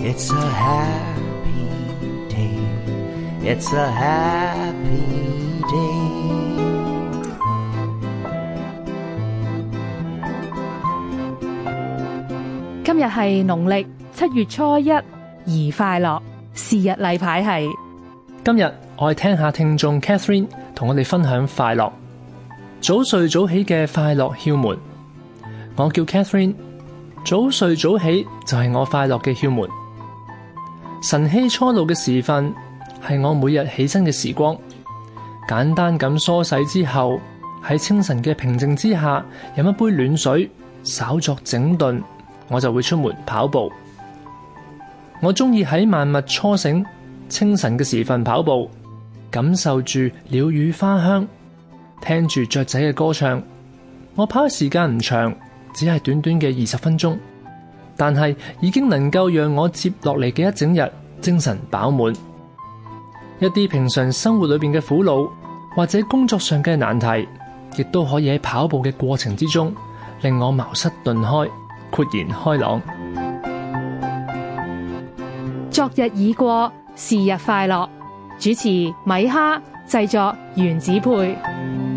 It's a happy day. It's a happy day. 今日係農曆七月初一，而快樂日是日例牌係。今日我係聽下聽，聽眾 Catherine 同我哋分享快樂。早睡早起嘅快樂竅門。我叫 Catherine。早睡早起就係我快樂嘅竅門。晨曦初露嘅時分係我每日起身嘅時光。簡單咁梳洗之後，喺清晨嘅平靜之下，飲一杯暖水，稍作整頓，我就會出門跑步。我鍾意喺萬物初醒、清晨嘅時分跑步，感受住鳥語花香，聽住雀仔嘅歌唱。我跑嘅時間唔長。只係短短嘅二十分鐘，但係已經能夠讓我接落嚟嘅一整日精神飽滿。一啲平常生活裏面嘅苦惱或者工作上嘅難題，亦都可以喺跑步嘅過程之中令我茅塞頓開、豁然開朗。昨日已過，是日快樂。主持米哈，製作原子配。